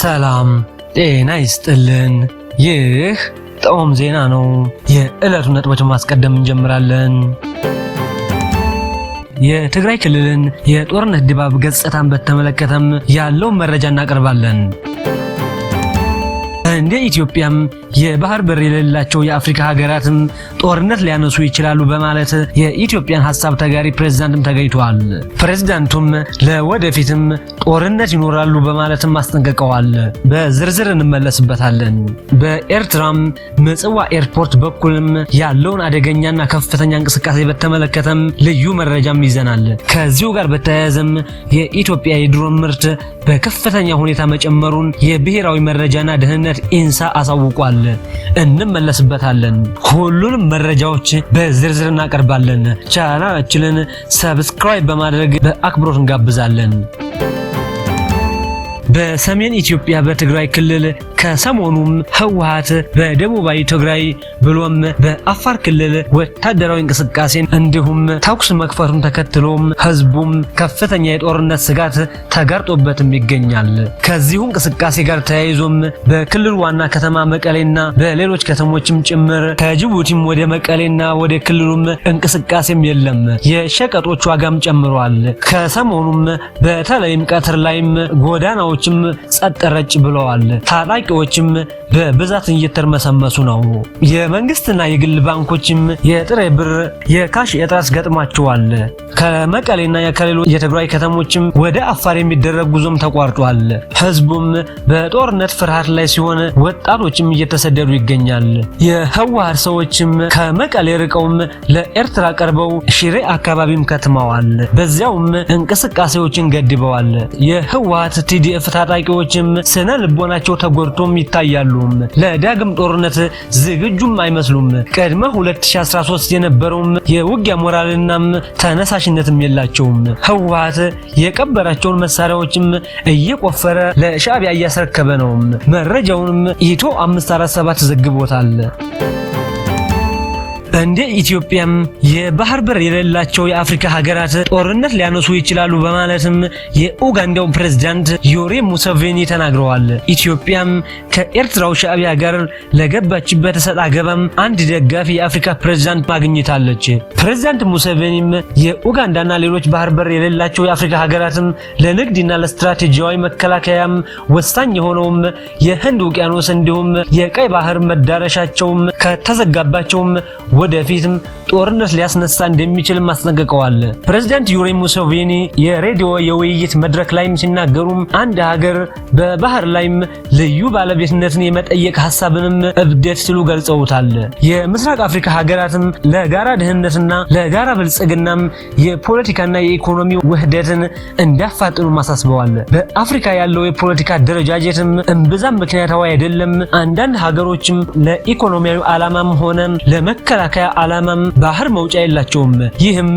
ሰላም ጤና ይስጥልን። ይህ ጣዕም ዜና ነው። የዕለቱ ነጥቦች ማስቀደም እንጀምራለን። የትግራይ ክልልን የጦርነት ድባብ ገጽታን በተመለከተም ያለውን መረጃ እናቀርባለን። እንደ ኢትዮጵያም የባህር በር የሌላቸው የአፍሪካ ሀገራትም ጦርነት ሊያነሱ ይችላሉ በማለት የኢትዮጵያን ሀሳብ ተጋሪ ፕሬዝዳንትም ተገኝተዋል። ፕሬዝዳንቱም ለወደፊትም ጦርነት ይኖራሉ በማለትም አስጠንቅቀዋል። በዝርዝር እንመለስበታለን። በኤርትራም ምጽዋ ኤርፖርት በኩልም ያለውን አደገኛና ከፍተኛ እንቅስቃሴ በተመለከተም ልዩ መረጃም ይዘናል። ከዚሁ ጋር በተያያዘም የኢትዮጵያ የድሮን ምርት በከፍተኛ ሁኔታ መጨመሩን የብሔራዊ መረጃና ደህንነት መንገድ ኢንሳ አሳውቋል። እንመለስበታለን። ሁሉንም መረጃዎች በዝርዝር እናቀርባለን። ቻናላችንን ሰብስክራይብ በማድረግ በአክብሮት እንጋብዛለን። በሰሜን ኢትዮጵያ በትግራይ ክልል ከሰሞኑም ህወሓት በደቡባዊ ትግራይ ብሎም በአፋር ክልል ወታደራዊ እንቅስቃሴን እንዲሁም ተኩስ መክፈቱን ተከትሎም ህዝቡም ከፍተኛ የጦርነት ስጋት ተጋርጦበትም ይገኛል። ከዚሁ እንቅስቃሴ ጋር ተያይዞም በክልሉ ዋና ከተማ መቀሌና በሌሎች ከተሞችም ጭምር ከጅቡቲም ወደ መቀሌና ወደ ክልሉም እንቅስቃሴም የለም። የሸቀጦች ዋጋም ጨምሯል። ከሰሞኑም በተለይም ቀትር ላይም ጎዳናዎች ሰዎችም ጸጥ ረጭ ብለዋል። ታጣቂዎችም በብዛት እየተርመሰመሱ ነው። የመንግስትና የግል ባንኮችም የጥሬ ብር የካሽ እጥረት ገጥሟቸዋል። ከመቀሌና ከሌሎች የትግራይ ከተሞችም ወደ አፋር የሚደረግ ጉዞም ተቋርጧል። ህዝቡም በጦርነት ፍርሃት ላይ ሲሆን፣ ወጣቶችም እየተሰደዱ ይገኛል። የህወሓት ሰዎችም ከመቀሌ ርቀውም ለኤርትራ ቀርበው ሽሬ አካባቢም ከትመዋል። በዚያውም እንቅስቃሴዎችን ገድበዋል። የህወሓት ቲዲኤፍ ታጣቂዎችም ስነ ልቦናቸው ተጎድቶም ይታያሉ። ለዳግም ጦርነት ዝግጁም አይመስሉም። ቀድመ 2013 የነበረውም የውጊያ ሞራልናም ተነሳሽነትም የላቸውም። ህወሓት የቀበራቸውን መሳሪያዎችም እየቆፈረ ለሻዕቢያ እያስረከበ ነው። መረጃውንም ኢትዮ 547 ዘግቦታል። እንደ ኢትዮጵያም የባህር በር የሌላቸው የአፍሪካ ሀገራት ጦርነት ሊያነሱ ይችላሉ በማለትም የኡጋንዳው ፕሬዝዳንት ዮሬ ሙሰቬኒ ተናግረዋል። ኢትዮጵያም ከኤርትራው ሻዕቢያ ጋር ለገባችበት ሰጣ ገባም አንድ ደጋፊ የአፍሪካ ፕሬዝዳንት ማግኘታለች። ፕሬዝዳንት ሙሰቬኒም የኡጋንዳና ሌሎች ባህር በር የሌላቸው የአፍሪካ ሀገራትም ለንግድና ለስትራቴጂያዊ መከላከያም ወሳኝ የሆነውም የህንድ ውቅያኖስ እንዲሁም የቀይ ባህር መዳረሻቸውም ከተዘጋባቸውም ወደፊትም ጦርነት ሊያስነሳ እንደሚችል አስጠንቅቀዋል። ፕሬዚዳንት ዩሪ ሙሶቬኒ የሬዲዮ የውይይት መድረክ ላይም ሲናገሩም አንድ ሀገር በባህር ላይም ልዩ ባለቤትነትን የመጠየቅ ሀሳብንም እብደት ሲሉ ገልጸውታል። የምስራቅ አፍሪካ ሀገራትም ለጋራ ደህንነትና ለጋራ ብልጽግናም የፖለቲካና የኢኮኖሚ ውህደትን እንዲያፋጥኑ አሳስበዋል። በአፍሪካ ያለው የፖለቲካ አደረጃጀትም እምብዛም ምክንያታዊ አይደለም። አንዳንድ ሀገሮችም ለኢኮኖሚያዊ ዓላማም ሆነ ለመከላከል መከላከያ ዓላማም ባህር መውጫ የላቸውም፣ ይህም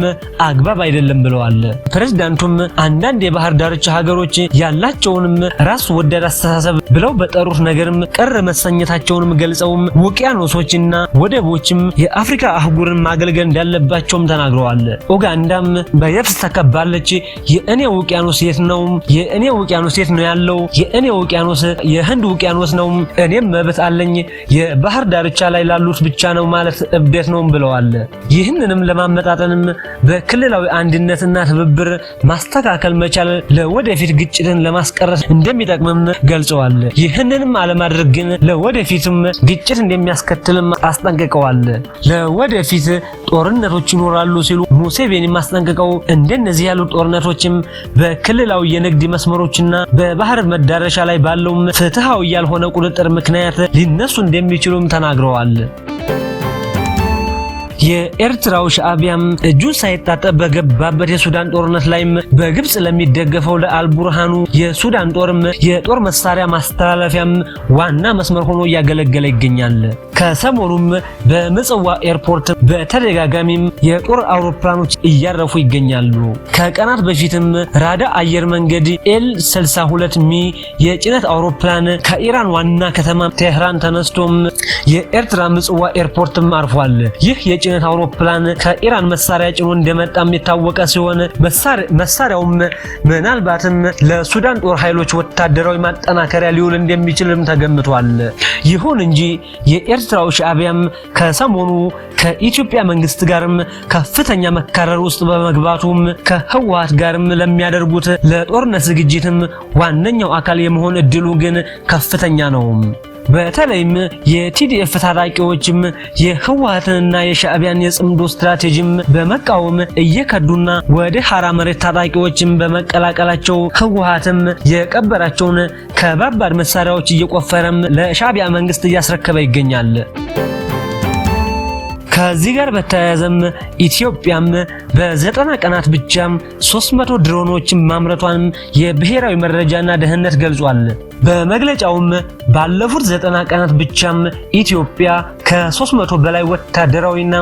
አግባብ አይደለም ብለዋል። ፕሬዝዳንቱም አንዳንድ የባህር ዳርቻ ሀገሮች ያላቸውንም ራስ ወዳድ አስተሳሰብ ብለው በጠሩት ነገርም ቅር መሰኘታቸውንም ገልጸውም ውቅያኖሶችና ወደቦችም የአፍሪካ አህጉርን ማገልገል እንዳለባቸውም ተናግረዋል። ኡጋንዳም በየብስ ተከባለች። የእኔ ውቅያኖስ የት ነው? የእኔ ውቅያኖስ የት ነው ያለው? የእኔ ውቅያኖስ የህንድ ውቅያኖስ ነው። እኔም መብት አለኝ፣ የባህር ዳርቻ ላይ ላሉት ብቻ ነው ማለት እብደ ሂደት ነውም ብለዋል። ይህንንም ለማመጣጠንም በክልላዊ አንድነትና ትብብር ማስተካከል መቻል ለወደፊት ግጭትን ለማስቀረት እንደሚጠቅምም ገልጸዋል። ይህንንም አለማድረግ ግን ለወደፊትም ግጭት እንደሚያስከትልም አስጠንቅቀዋል። ለወደፊት ጦርነቶች ይኖራሉ ሲሉ ሙሴቬኒ ማስጠንቅቀው እንደነዚህ ያሉ ጦርነቶችም በክልላዊ የንግድ መስመሮችና በባህር መዳረሻ ላይ ባለውም ፍትሃዊ ያልሆነ ቁጥጥር ምክንያት ሊነሱ እንደሚችሉም ተናግረዋል። የኤርትራው ሻዕቢያም እጁን ሳይታጠብ በገባበት የሱዳን ጦርነት ላይም በግብጽ ለሚደገፈው ለአልቡርሃኑ የሱዳን ጦርም የጦር መሳሪያ ማስተላለፊያም ዋና መስመር ሆኖ እያገለገለ ይገኛል። ከሰሞኑም በምጽዋ ኤርፖርት በተደጋጋሚም የጦር አውሮፕላኖች እያረፉ ይገኛሉ። ከቀናት በፊትም ራዳ አየር መንገድ ኤል 62 ሚ የጭነት አውሮፕላን ከኢራን ዋና ከተማ ቴህራን ተነስቶም የኤርትራ ምጽዋ ኤርፖርትም አርፏል። ይህ ጭነት አውሮፕላን ከኢራን መሳሪያ ጭኖ እንደመጣም የታወቀ ሲሆን መሳሪያውም ምናልባትም ለሱዳን ጦር ኃይሎች ወታደራዊ ማጠናከሪያ ሊውል እንደሚችልም ተገምቷል። ይሁን እንጂ የኤርትራው ሻዕቢያም ከሰሞኑ ከኢትዮጵያ መንግስት ጋርም ከፍተኛ መካረር ውስጥ በመግባቱም ከህወሓት ጋርም ለሚያደርጉት ለጦርነት ዝግጅትም ዋነኛው አካል የመሆን እድሉ ግን ከፍተኛ ነው። በተለይም የቲዲኤፍ ታጣቂዎችም የህወሀትንና የሻዕቢያን የጽምዶ ስትራቴጂም በመቃወም እየከዱና ወደ ሐራ መሬት ታጣቂዎችም በመቀላቀላቸው ህወሀትም የቀበራቸውን ከባባድ መሳሪያዎች እየቆፈረም ለሻዕቢያ መንግስት እያስረከበ ይገኛል። ከዚህ ጋር በተያያዘም ኢትዮጵያም በዘጠና ቀናት ብቻም 300 ድሮኖችን ማምረቷንም የብሔራዊ መረጃና ደህንነት ገልጿል። በመግለጫውም ባለፉት ዘጠና ቀናት ብቻም ኢትዮጵያ ከ300 በላይ ወታደራዊና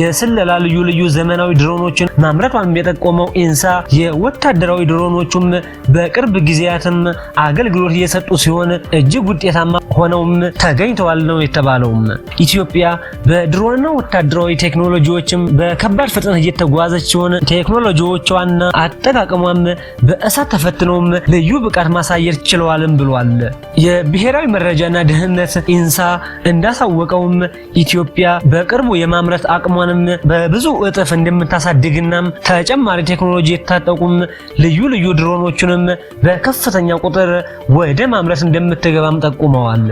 የስለላ ልዩ ልዩ ዘመናዊ ድሮኖችን ማምረቷን የጠቆመው ኢንሳ የወታደራዊ ድሮኖቹም በቅርብ ጊዜያትም አገልግሎት እየሰጡ ሲሆን እጅግ ውጤታማ ሆነውም ተገኝተዋል ነው የተባለውም። ኢትዮጵያ በድሮንና ወታደራዊ ቴክኖሎጂዎችም በከባድ ፍጥነት እየተጓዘች ሲሆን ቴክኖሎጂዎቿና አጠቃቀሟም በእሳት ተፈትነውም ልዩ ብቃት ማሳየት ችለዋልም ብሏል። አሳውቋል። የብሔራዊ መረጃና ደህንነት ኢንሳ እንዳሳወቀውም ኢትዮጵያ በቅርቡ የማምረት አቅሟንም በብዙ እጥፍ እንደምታሳድግናም ተጨማሪ ቴክኖሎጂ የታጠቁም ልዩ ልዩ ድሮኖችንም በከፍተኛ ቁጥር ወደ ማምረት እንደምትገባም ጠቁመዋል።